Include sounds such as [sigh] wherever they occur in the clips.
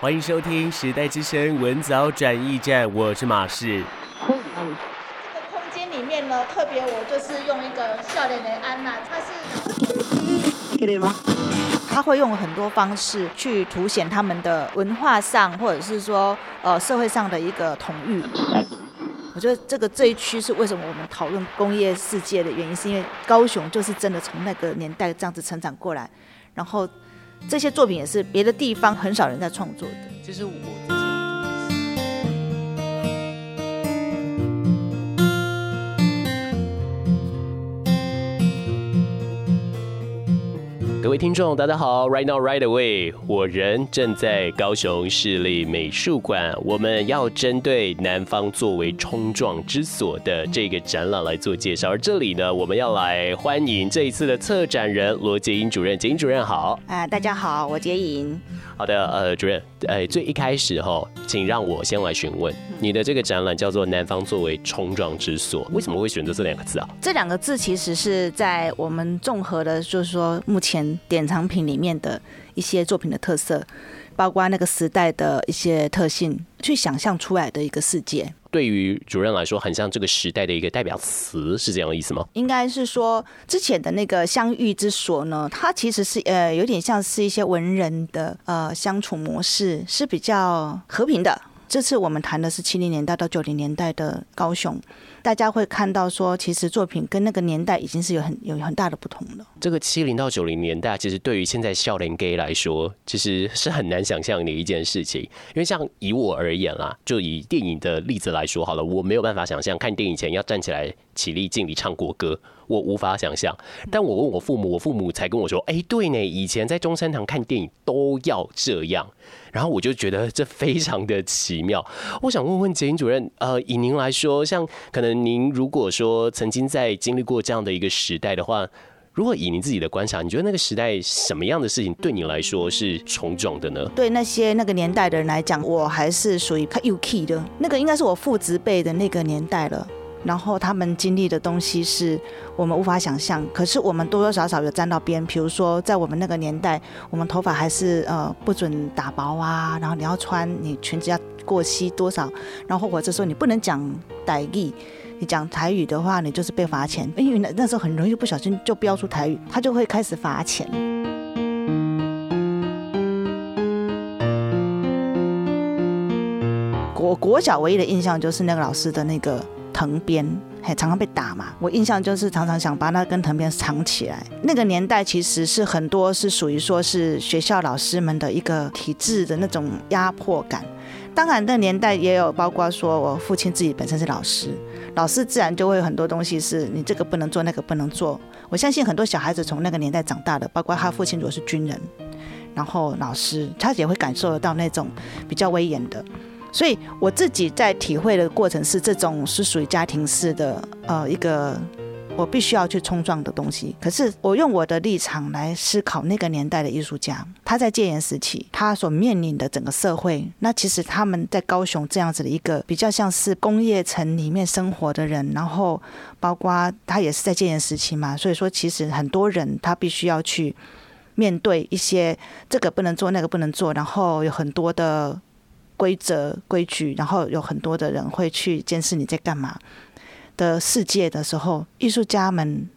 歡迎收聽《時代之聲》文藻轉驛站。我是馬氏、嗯。這個空間裡面呢，特別我就是用一個笑臉來安娜，他是。他會用很多方式去凸顯他們的文化上，或者是說呃社會上的一個統御。我覺得這個這一區是為什麼我們討論工業世界的原因，是因為高雄就是真的從那個年代這樣子成長過來，然後。這些作品也是別的地方很少人在創作的。其實我。各位聽眾，大家好，Right now, right away，我人正在高雄市立美術館，我們要針對“南方作為衝撞之所”的這個展覽來做介紹。而這裡呢，我們要來歡迎這一次的策展人羅潔尹主任，潔尹主任好。啊，大家好，我潔尹。好的，呃，主任，呃，最一開始哈、喔，請讓我先來詢問你的這個展覽叫做“南方作為衝撞之所”，為什麼會選擇這兩個字啊？這兩個字其實是在我們綜合的，就是說目前。典藏品裡面的一些作品的特色，包括那個時代的一些特性，去想象出來的一個世界。對於主任來說，很像這個時代的一個代表詞，是這樣的意思嗎？應該是說之前的那個相遇之所呢，它其實是呃有點像是一些文人的呃相處模式，是比較和平的。這次我們談的是七零年代到九零年代的高雄。大家會看到說，其實作品跟那個年代已經是有很有很大的不同了。這個七零到九零年代，其實對於現在少年 Gay 來說，其實是很難想象的一件事情。因為像以我而言啦、啊，就以電影的例子來說好了，我沒有辦法想象看電影前要站起來起立敬禮唱國歌。我無法想象，但我問我父母，我父母才跟我說：“哎、欸，對呢，以前在中山堂看電影都要這樣。”然後我就覺得這非常的奇妙。我想問問潔尹主任，呃，以您來說，像可能您如果說曾經在經歷過這樣的一個時代的話，如果以您自己的觀察，你覺得那個時代什麼樣的事情對你來說是重重的呢？對那些那個年代的人來講，我還是屬於太幼齒的，那個應該是我父執輩的那個年代了。然後他們經歷的東西是我們無法想象，可是我們多多少少有沾到邊。比如說，在我們那個年代，我們頭髮還是呃不准打薄啊，然後你要穿你裙子要過膝多少，然後或者說你不能講台語，你講台語的話你就是被罰錢，因為那那時候很容易不小心就飆出台語，他就會開始罰錢。國國小唯一的印象就是那個老師的那個。藤鞭還常常被打嘛，我印象就是常常想把那根藤鞭藏起來。那個年代其實是很多是屬於說是學校老師們的一個體制的那種壓迫感。當然，那個年代也有包括說我父親自己本身是老師，老師自然就會有很多東西是你這個不能做，那個不能做。我相信很多小孩子從那個年代長大的，包括他父親如果是軍人，然後老師，他也會感受得到那種比較威嚴的。所以我自己在體會的過程是，這種是屬於家庭式的，呃，一個我必須要去衝撞的東西。可是我用我的立場來思考那個年代的藝術家，他在戒嚴時期，他所面臨的整個社會，那其實他們在高雄這樣子的一個比較像是工業城裡面生活的人，然後包括他也是在戒嚴時期嘛，所以說其實很多人他必須要去面對一些這個不能做，那個不能做，然後有很多的。規則規矩，然後有很多的人會去監視你在幹嘛的世界的時候，藝術家們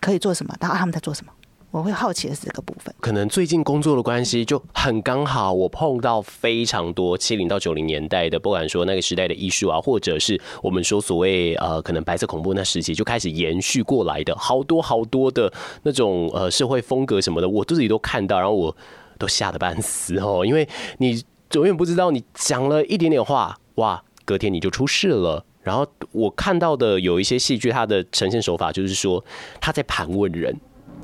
可以做什麼？然後他們在做什麼？我會好奇的是這個部分。可能最近工作的關係，就很剛好，我碰到非常多七零到九零年代的，不管說那個時代的藝術啊，或者是我們說所謂呃，可能白色恐怖那時期就開始延續過來的好多好多的那種呃社會風格什麼的，我自己都看到，然後我都嚇得半死哦，因為你。永遠不知道你講了一點點話，哇，隔天你就出事了。然後我看到的有一些戲劇，它的呈現手法就是說他在盤問人，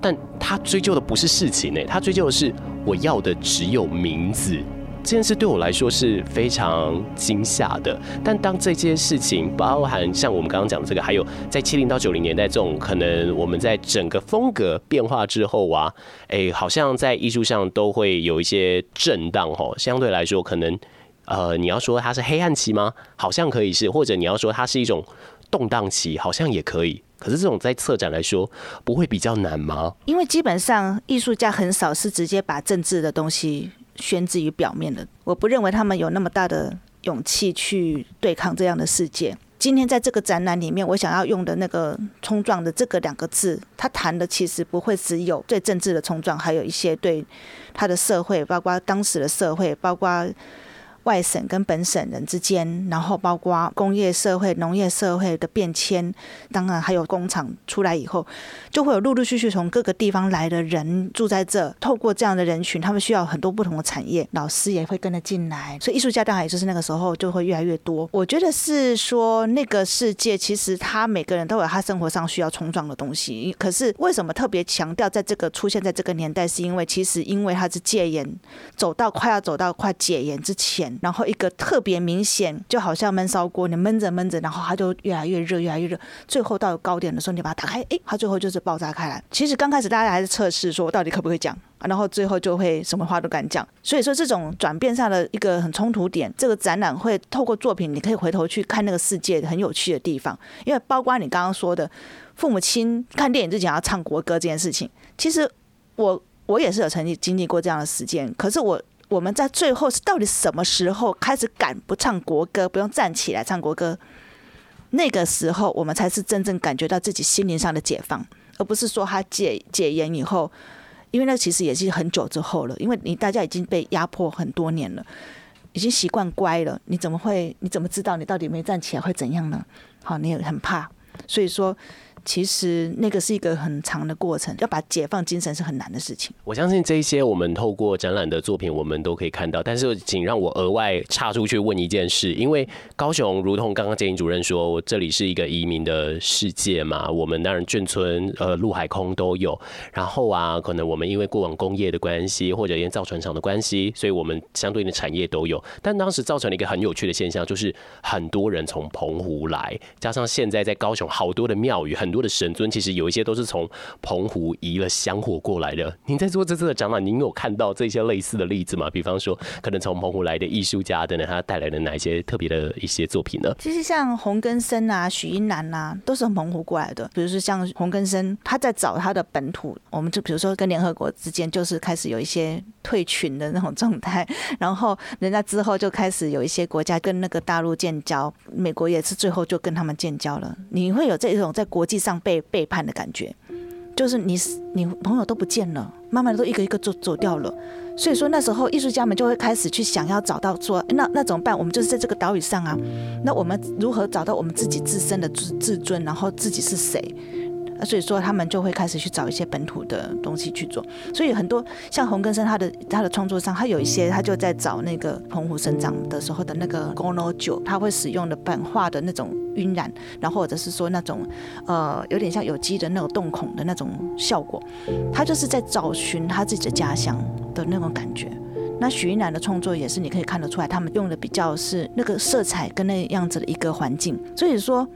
但他追究的不是事情誒，他追究的是我要的只有名字。這件事對我來說是非常驚嚇的。但當這件事情包含像我們剛剛講的這個，還有在七零到九零年代這種，可能我們在整個風格變化之後啊，哎，好像在藝術上都會有一些震盪。吼，相對來說，可能呃，你要說它是黑暗期嗎？好像可以是，或者你要說它是一種動盪期，好像也可以。可是這種在策展來說，不會比較難嗎？因為基本上藝術家很少是直接把政治的東西。宣之於表面的，我不認為他們有那麼大的勇氣去對抗這樣的世界。今天在這個展覽裡面，我想要用的那個“衝撞”的這個兩個字，他談的其實不會只有對政治的衝撞，還有一些對他的社會，包括當時的社會，包括。外省跟本省人之間，然後包括工業社會、農業社會的變遷，當然還有工廠出來以後，就會有陸陸續續從各個地方來的人住在這。透過這樣的人群，他們需要很多不同的產業，老師也會跟着進來，所以藝術家當然也就是那個時候就會越來越多。我覺得是說，那個世界其實他每個人都有他生活上需要衝撞的東西。可是為什麼特別強調在這個出現在這個年代，是因為其實因為他是戒嚴，走到快要走到快解嚴之前。然後一個特別明顯，就好像悶燒鍋，你悶着悶着，然後它就越來越熱，越來越熱，最後到高點的時候，你把它打開，誒，它最後就是爆炸開來。其實剛開始大家還是測試，說我到底可不可以講，啊，然後最後就會什麼話都敢講。所以說這種轉變上的一個很衝突點，這個展覽會透過作品，你可以回頭去看那個世界很有趣的地方，因為包括你剛剛說的父母親看電影之前要唱國歌這件事情，其實我我也是有曾經經歷過這樣的時間。可是我。我們在最後是到底什麼時候開始敢不唱國歌，不用站起來唱國歌？那個時候，我們才是真正感覺到自己心靈上的解放，而不是說他解解嚴以後，因為那其實也是很久之後了，因為你大家已經被壓迫很多年了，已經習慣乖了。你怎麼會？你怎麼知道你到底沒站起來會怎樣呢？好，你也很怕。所以說，其實那個是一個很長的過程，要把解放精神是很難的事情。我相信這一些我們透過展覽的作品，我們都可以看到。但是，請讓我額外岔出去問一件事，因為高雄如同剛剛潔尹主任說，這裡是一個移民的世界嘛，我們當然眷村、呃陸海空都有。然後啊，可能我們因為過往工業的關係，或者連造船廠的關係，所以我們相對應的產業都有。但當時造成了一個很有趣的現象，就是很多人從澎湖來，加上現在在高雄。好多的廟宇，很多的神尊，其實有一些都是從澎湖移了香火過來的。您在做這次的展覽，您有看到這些類似的例子嗎？比方說，可能從澎湖來的藝術家等等，他帶來的哪一些特別的一些作品呢？其實像洪根深啊、許英南吶、啊，都是從澎湖過來的。比如說像洪根深，他在找他的本土，我們就比如說跟聯合國之間，就是開始有一些。退群的那種狀態，然後人家之後就開始有一些國家跟那個大陸建交，美國也是最後就跟他們建交了。你會有這種在國際上被背叛的感覺，就是你你朋友都不見了，慢慢的都一個一個走走掉了。所以說那時候藝術家們就會開始去想要找到說那那怎麼辦？我們就是在這個島嶼上啊，那我們如何找到我們自己自身的自自尊，然後自己是誰？所以說他們就會開始去找一些本土的東西去做，所以很多像洪根生他的他的創作上，他有一些他就在找那個澎湖生長的時候的那個咕咾石，他會使用的版畫的那種暈染，然後或者是說那種，呃，有點像有機的那種洞孔的那種效果，他就是在找尋他自己的家鄉的那種感覺。那許一男的創作也是，你可以看得出來，他們用的比較是那個色彩跟那樣子的一個環境，所以說。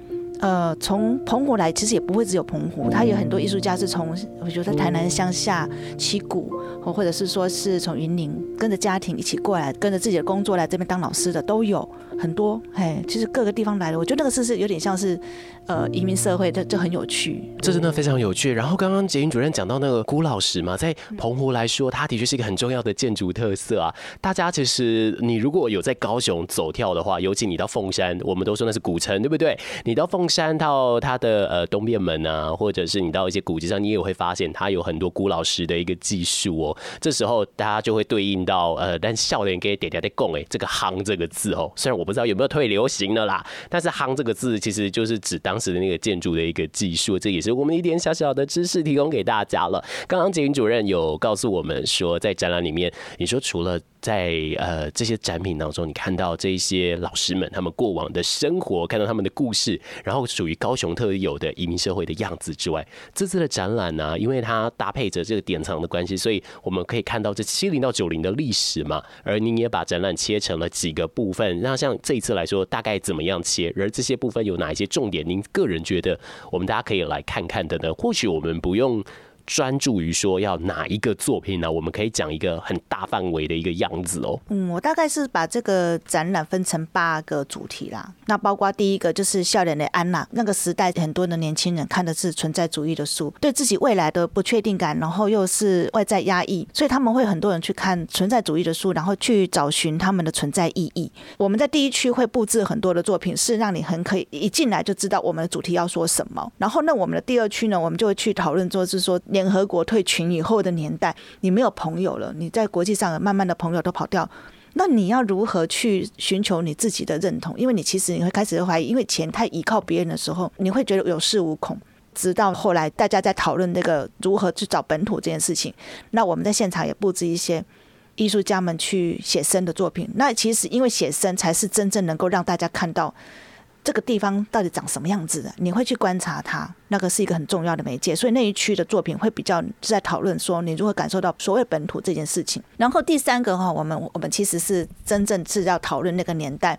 呃，從澎湖來，其實也不會只有澎湖，他、嗯、有很多藝術家是從，嗯、我覺得在台南鄉下、旗鼓，嗯、或者是說是從雲林，跟着家庭一起過來，跟着自己的工作來這邊當老師的都有。很多哎，其實各個地方來的，我覺得那個是是有點像是，呃，移民社會的，它就很有趣。這真的非常有趣。然後剛剛潔尹主任講到那個咕咾石嘛，在澎湖來說，嗯、它的確是一個很重要的建築特色啊。大家其實你如果有在高雄走跳的話，尤其你到鳳山，我們都說那是古城，對不對？你到鳳山到它的呃東便門啊，或者是你到一些古蹟上，你也會發現它有很多咕咾石的一個技術哦。這時候大家就會對應到呃，年輕人家常常在說的哎，這個夯這個字哦，雖然我。不知道有沒有退流行的啦，但是“夯”這個字其實就是指當時的那個建築的一個技術，這也是我們一點小小的知識提供給大家了。剛剛潔尹主任有告訴我們說，在展覽裡面，你說除了……在呃，這些展品當中，你看到這些老師們他們過往的生活，看到他們的故事，然後屬於高雄特有的移民社會的樣子之外，這次的展覽呢，因為它搭配着這個典藏的關係，所以我們可以看到這七零到九零的歷史嘛。而您也把展覽切成了幾個部分，那像這一次來說，大概怎麼樣切？而這些部分有哪一些重點？您個人覺得我們大家可以來看看的呢？或許我們不用。專注於說要哪一個作品呢？我們可以講一個很大範圍的一個樣子哦。嗯，我大概是把這個展覽分成八個主題啦。那包括第一個就是笑臉的安娜，那個時代很多的年輕人看的是存在主義的書，對自己未來的不確定感，然後又是外在壓抑，所以他們會很多人去看存在主義的書，然後去找尋他們的存在意義。我們在第一區會布置很多的作品，是讓你很可以一進來就知道我們的主題要說什麼。然後那我們的第二區呢，我們就會去討論，就是說。聯合國退群以後的年代，你沒有朋友了。你在國際上慢慢的朋友都跑掉，那你要如何去尋求你自己的認同？因為你其實你會開始懷疑，因為錢太依靠別人的時候，你會覺得有恃無恐。直到後來大家在討論這個如何去找本土這件事情，那我們在現場也佈置一些藝術家們去寫生的作品。那其實因為寫生才是真正能夠讓大家看到。這個地方到底長什麼樣子的啊？你會去觀察它，那個是一個很重要的媒介。所以那一區的作品會比較在討論說，你如何感受到所謂本土這件事情。然後第三個哈，我們我們其實是真正是要討論那個年代，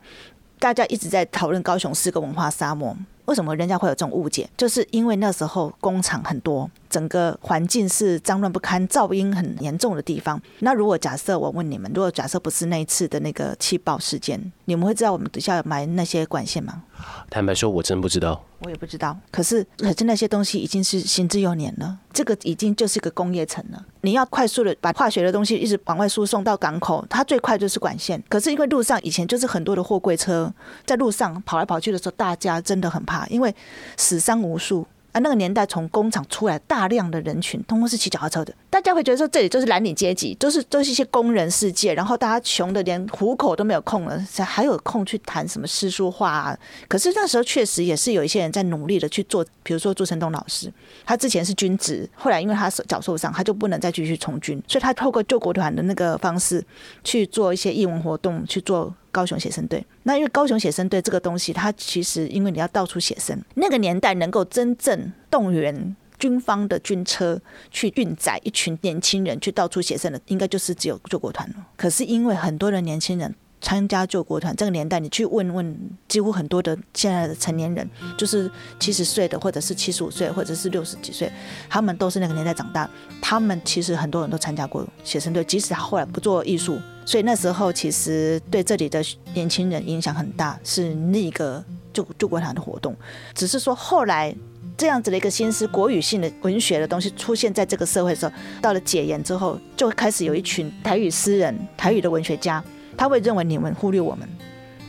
大家一直在討論高雄是個文化沙漠，為什麼人家會有這種誤解？就是因為那時候工廠很多。整個環境是髒亂不堪、噪音很嚴重的地方。那如果假設我問你們，如果假設不是那一次的那個氣爆事件，你們會知道我們底下有埋那些管線嗎？坦白說，我真不知道。我也不知道。可是，可是那些東西已經是行之有年了。這個已經就是一個工業城了。你要快速的把化學的東西一直往外輸送到港口，它最快就是管線。可是因為路上以前就是很多的貨櫃車在路上跑來跑去的時候，大家真的很怕，因為死傷無數。他那個年代，從工廠出來大量的人群，通通是騎腳踏車的。大家會覺得說，這裡就是藍領階級，都是都是一些工人世界。然後大家窮的連糊口都沒有空了，還有空去談什麼詩書畫啊？可是那時候確實也是有一些人在努力的去做，比如說朱成東老師，他之前是軍職，後來因為他腳受傷，他就不能再繼續從軍，所以他透過救國團的那個方式去做一些藝文活動，去做。高雄寫生隊，那因為高雄寫生隊這個東西，它其實因為你要到處寫生，那個年代能夠真正動員軍方的軍車去運載一群年輕人去到處寫生的，應該就是只有救國團了。可是因為很多的年輕人。參加救國團這個年代，你去問問，幾乎很多的現在的成年人，就是七十歲的，或者是七十五歲，或者是六十幾歲，他們都是那個年代長大。他們其實很多人都參加過寫生隊，即使他後來不做藝術，所以那時候其實對這裡的年輕人影響很大，是那個救救國團的活動。只是說後來這樣子的一個心思，國語性的文學的東西出現在這個社會的時候，到了解嚴之後，就開始有一群台語詩人、台語的文學家。他會認為你們忽略我們，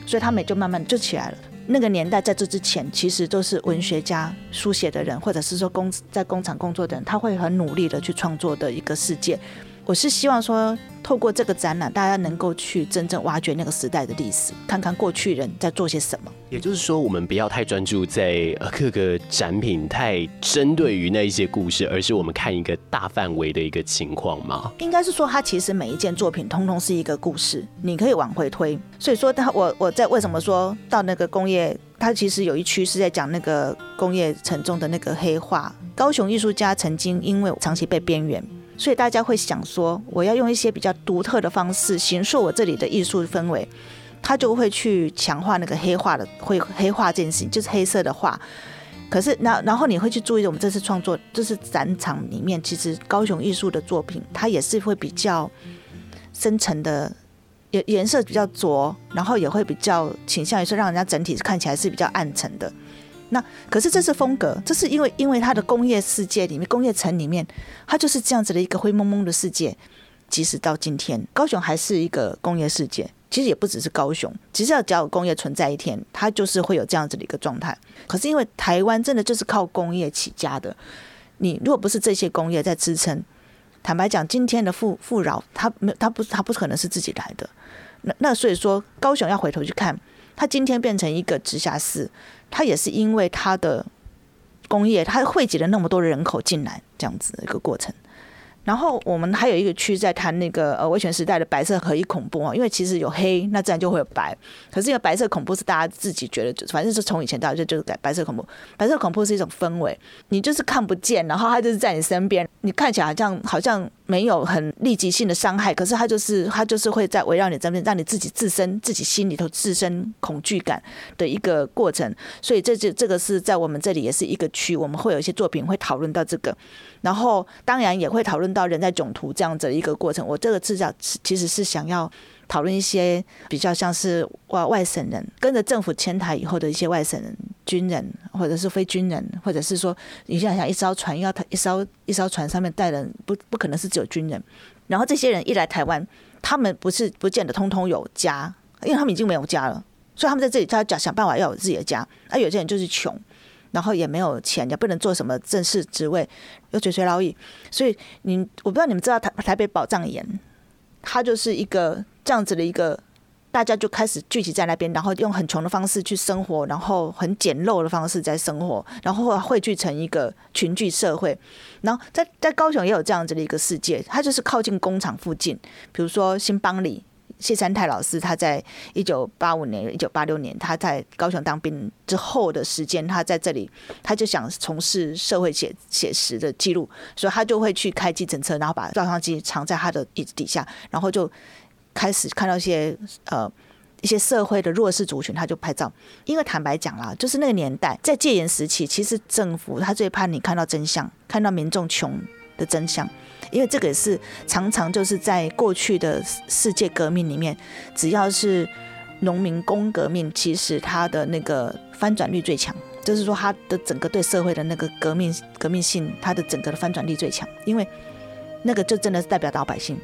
所以他們就慢慢就起來了。那個年代在這之前，其實都是文學家、書寫的人，或者是說工在工廠工作的人，他會很努力的去創作的一個世界。我是希望說，透過這個展覽，大家能夠去真正挖掘那個時代的歷史，看看過去人在做些什麼。也就是說，我們不要太專注在呃各個展品，太針對於那一些故事，而是我們看一個大範圍的一個情況嘛。應該是說，它其實每一件作品通通是一個故事，你可以往回推。所以說他，他我我在為什麼說到那個工業，它其實有一區是在講那個工業沉重的那個黑化。高雄藝術家曾經因為長期被邊緣。所以大家會想說，我要用一些比較獨特的方式形塑我這裡的藝術氛圍，他就會去強化那個黑化的，會黑化這件事情，就是黑色的畫。可是，然然後你會去注意我們這次創作就是展場裡面，其實高雄藝術的作品，它也是會比較深沉的，顏顏色比較濁，然後也會比較傾向於說，讓人家整體看起來是比較暗沉的。那可是這是風格，這是因為因為它的工業世界裡面，工業城裡面，它就是這樣子的一個灰蒙蒙的世界。即使到今天，高雄還是一個工業世界，其實也不只是高雄。其實要只要有工業存在一天，它就是會有這樣子的一個狀態。可是因為台灣真的就是靠工業起家的，你如果不是這些工業在支撐，坦白講，今天的富富饒，它沒它不它不可能是自己來的。那那所以說，高雄要回頭去看。它今天變成一個直轄市，它也是因為它的工業，它匯集了那麼多人口進來，這樣子的一個過程。然後我們還有一個區在談那個呃威權時代的白色合一恐怖啊、哦，因為其實有黑，那自然就會有白。可是個白色恐怖是大家自己覺得就，反正是從以前到就就是白白色恐怖，白色恐怖是一種氛圍，你就是看不見，然後它就是在你身邊，你看起來好像好像沒有很立即性的傷害，可是它就是它就是會在圍繞你身邊，讓你自己自身自己心裡頭自身恐懼感的一個過程。所以這就這個是在我們這裡也是一個區，我們會有一些作品會討論到這個，然後當然也會討論到。到人在囧途這樣子的一個過程，我這個制造其實是想要討論一些比較像是外外省人跟着政府遷台以後的一些外省人、軍人或者是非軍人，或者是說你想想一艘船要一艘一艘船上面帶人，不不可能是只有軍人。然後這些人一來台灣，他們不是不見得通通有家，因為他們已經沒有家了，所以他們在這裡他要想辦法要有自己的家。而有些人就是窮。然後也沒有錢，也不能做什麼正式職位，又垂垂老矣。所以，你，我不知道你們知道台台北寶藏巖，它就是一個這樣子的一個，大家就開始聚集在那邊，然後用很窮的方式去生活，然後很簡陋的方式在生活，然後匯聚成一個群聚社會。然後在在高雄也有這樣子的一個世界，它就是靠近工廠附近，比如說新邦里。謝三泰老師，他在一九八五年、一九八六年，他在高雄當兵之後的時間，他在這裡，他就想從事社會寫寫實的記錄，所以他就會去開計程車，然後把照相機藏在他的椅子底下，然後就開始看到一些呃一些社會的弱勢族群，他就拍照。因為坦白講啦，就是那個年代在戒嚴時期，其實政府他最怕你看到真相，看到民眾窮的真相。因為這個也是常常就是在過去的世界革命裡面，只要是農民工革命，其實它的那個翻轉率最強，就是說它的整個對社會的那個革命革命性，它的整個的翻轉力最強。因為那個就真的是代表老百姓。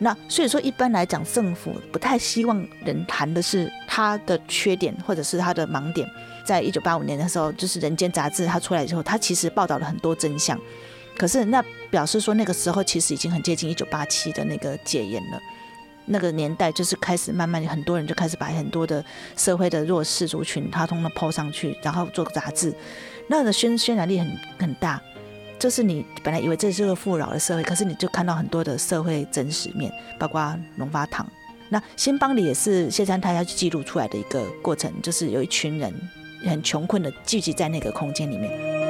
那所以說，一般來講，政府不太希望人談的是他的缺點或者是他的盲點。在一九八五年的時候，就是《人間雜誌》它出來之後，它其實報道了很多真相。可是那表示說，那個時候其實已經很接近一九八七的那個解嚴了，那個年代就是開始慢慢很多人就開始把很多的社會的弱勢族群，他通通拋上去，然後做雜誌，那個宣渲染力很很大。這，就是你本來以為這是個富饒的社會，可是你就看到很多的社會真實面，包括龍發堂，那新邦里也是謝三泰要去記錄出來的一個過程，就是有一群人很窮困的聚集在那個空間裡面。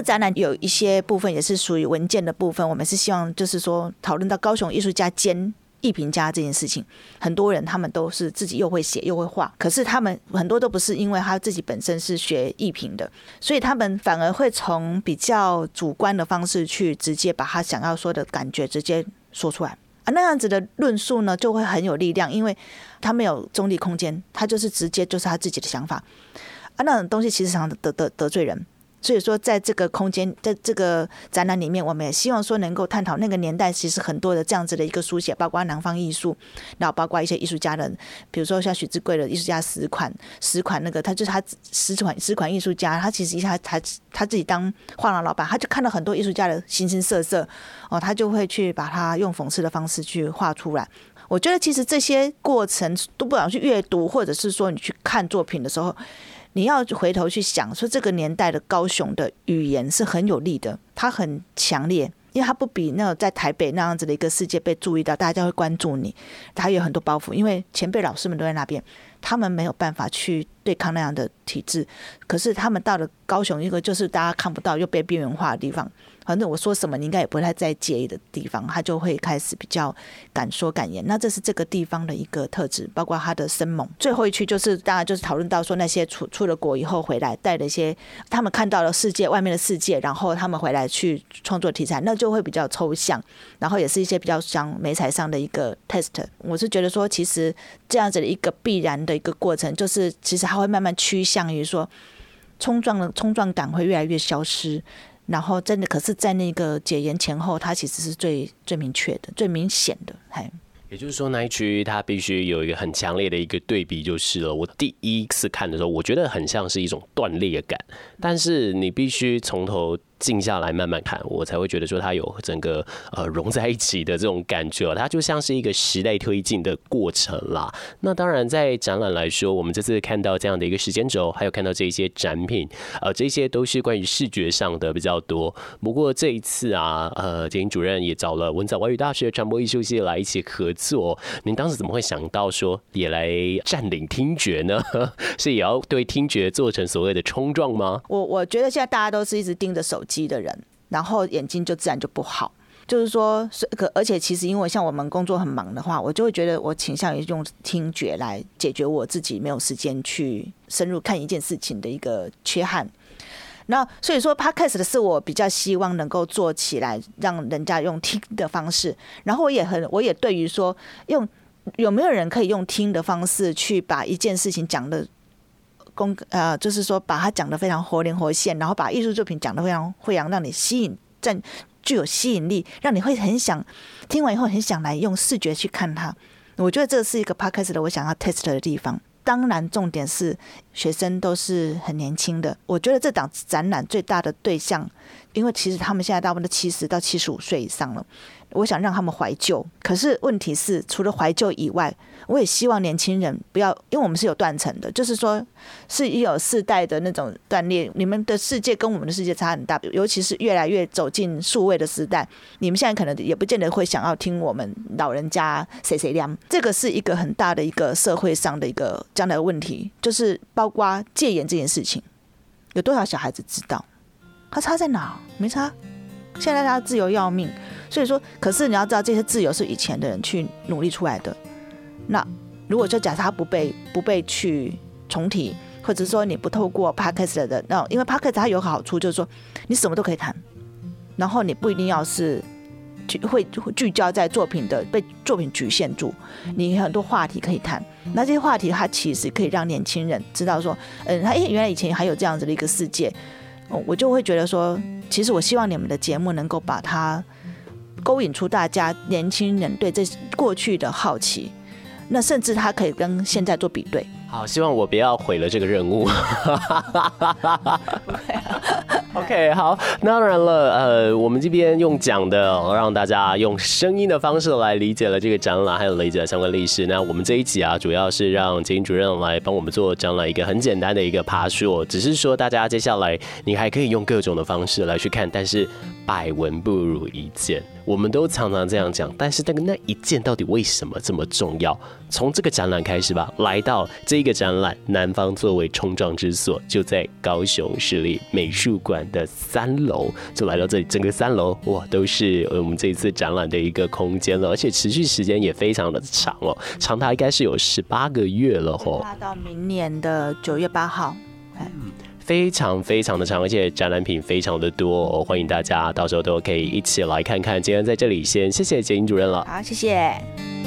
個展覽有一些部分也是屬於文件的部分，我們是希望就是說，討論到高雄藝術家兼藝評家這件事情，很多人他們都是自己又會寫又會畫，可是他們很多都不是因為他自己本身是學藝評的，所以他們反而會從比較主觀的方式去直接把他想要說的感覺直接說出來啊，那樣子的論述呢，就會很有力量，因為他沒有中立空間，他就是直接就是他自己的想法啊，那種東西其實常常得得得罪人。所以說，在這個空間，在這個展覽裡面，我們也希望說能夠探討那個年代其實很多的這樣子的一個書寫，包括南方藝術，然後包括一些藝術家的，比如說像許自貴的藝術家十款，十款那個，他就是他十款十款藝術家，他其實一下他他自己當畫廊老闆，他就看到很多藝術家的形形色色，哦，他就會去把他用諷刺的方式去畫出來。我覺得其實這些過程都不想去閱讀，或者是說你去看作品的時候。你要回頭去想，說這個年代的高雄的語言是很有力的，它很強烈，因為它不比那在台北那樣子的一個世界被注意到，大家會關注你，它有很多包袱，因為前輩老師們都在那邊，他們沒有辦法去對抗那樣的體制，可是他們到了高雄，一個就是大家看不到又被邊緣化的地方。反正我說什麼，你應該也不太在介意的地方，他就會開始比較敢說敢言。那這是這個地方的一個特質，包括他的生猛。最後一區就是，大家就是討論到說那些出出了國以後回來帶了一些，他們看到了世界外面的世界，然後他們回來去創作題材，那就會比較抽象，然後也是一些比較像媒材上的一個 test。我是覺得說，其實這樣子的一個必然的一個過程，就是其實他會慢慢趨向於說，衝撞的衝撞感會越來越消失。然後真的，可是，在那個解嚴前後，它其實是最最明確的、最明顯的。嘿，也就是說，那一區它必須有一個很強烈的一個對比，就是了。我第一次看的時候，我覺得很像是一種斷裂的感覺，但是你必須從頭。靜下來慢慢看，我才會覺得說它有整個呃融在一起的這種感覺、啊，它就像是一個時代推進的過程啦。那當然，在展覽來說，我們這次看到這樣的一個時間軸，還有看到這一些展品，呃，這些都是關於視覺上的比較多。不過這一次啊，呃，潔尹主任也找了文藻外語大學傳播藝術系來一起合作。您當時怎麼會想到說也來占領聽覺呢？ [laughs] 是也要對聽覺做成所謂的衝撞嗎？我我覺得現在大家都是一直盯着手機。機的人，然後眼睛就自然就不好。就是說，可而且其實，因為像我們工作很忙的話，我就會覺得我傾向於用聽覺來解決我自己沒有時間去深入看一件事情的一個缺憾。那所以說 Podcast 的是我比較希望能夠做起來，讓人家用聽的方式。然後我也很，我也對於說用，用有沒有人可以用聽的方式去把一件事情講得。呃，就是說把它講得非常活靈活現，然後把藝術作品講得非常非常讓你吸引，具具有吸引力，讓你會很想聽完以後很想來用視覺去看它。我覺得這是一個 podcast 的我想要 test 的地方。當然，重點是學生都是很年輕的。我覺得這檔展覽最大的對象，因為其實他們現在大部分都七十到七十五歲以上了。我想讓他們懷舊，可是問題是，除了懷舊以外，我也希望年輕人不要，因為我們是有斷層的，就是說是一有世代的那種斷裂，你們的世界跟我們的世界差很大，尤其是越來越走進數位的時代，你們現在可能也不見得會想要聽我們老人家碎碎念。這個是一個很大的一個社會上的一個將來的問題，就是包括戒嚴這件事情，有多少小孩子知道？他差在哪？沒差。現在他自由要命，所以說，可是你要知道，這些自由是以前的人去努力出來的。那如果說假設他不被不被去重提，或者說你不透過 Podcast 的，那因為 Podcast 它有好處，就是說你什麼都可以談，然後你不一定要是聚會聚焦在作品的被作品局限住，你很多話題可以談。那這些話題它其實可以讓年輕人知道說，嗯，他哎原來以前還有這樣子的一個世界。我就會覺得說，其實我希望你們的節目能夠把它勾引出大家年輕人對這過去的好奇，那甚至他可以跟現在做比對。好，希望我不要毀了這個任務。OK，好，那當然了，呃，我們這邊用講的，讓大家用聲音的方式來理解了這個展覽，還有理解相關歷史。那我們這一集啊，主要是讓金主任來幫我們做展覽一個很簡單的一個爬梳，只是說大家接下來你還可以用各種的方式來去看，但是百聞不如一見，我們都常常這樣講。但是那個那一件到底為什麼這麼重要？從這個展覽開始吧，來到這個展覽，南方作為衝撞之所，就在高雄市立美術館的三樓，就來到這裡，整個三樓哇都是我們這一次展覽的一個空間了，而且持續時間也非常的長哦，長達應該是有十八個月了哦，拉到明年的九月八號，嗯，非常非常的長，而且展覽品非常的多，哦，歡迎大家到時候都可以一起來看看。今天在這裡先謝謝潔尹主任了，好，謝謝。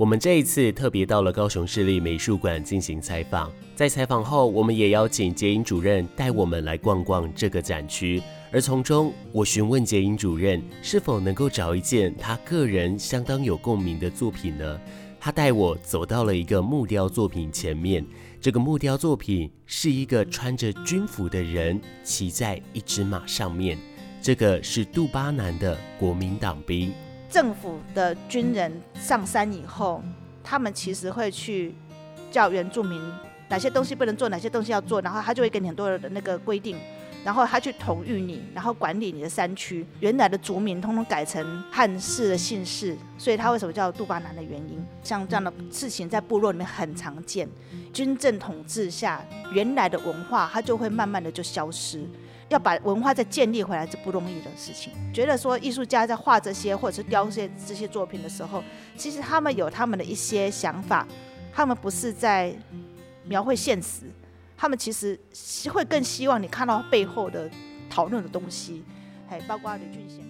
我們這一次特別到了高雄市立美術館進行採訪，在採訪後，我們也邀請潔尹主任帶我們來逛逛這個展區，而從中我詢問潔尹主任是否能夠找一件他個人相當有共鳴的作品呢？他帶我走到了一個木雕作品前面，這個木雕作品是一個穿着軍服的人騎在一隻馬上面，這個是杜巴南的國民黨兵。政府的軍人上山以後，他們其實會去教原住民哪些東西不能做，哪些東西要做，然後他就會給你很多的那個規定，然後他去統御你，然後管理你的山區。原來的族民通通改成漢氏的姓氏，所以他為什麼叫杜巴男的原因，像這樣的事情在部落裡面很常見。軍政統治下，原來的文化它就會慢慢的就消失。要把文化再建立回來，這不容易的事情。覺得說，藝術家在畫這些或者是雕這些這些作品的時候，其實他們有他們的一些想法，他們不是在描繪現實，他們其實會更希望你看到背後的討論的東西，還包括李俊賢。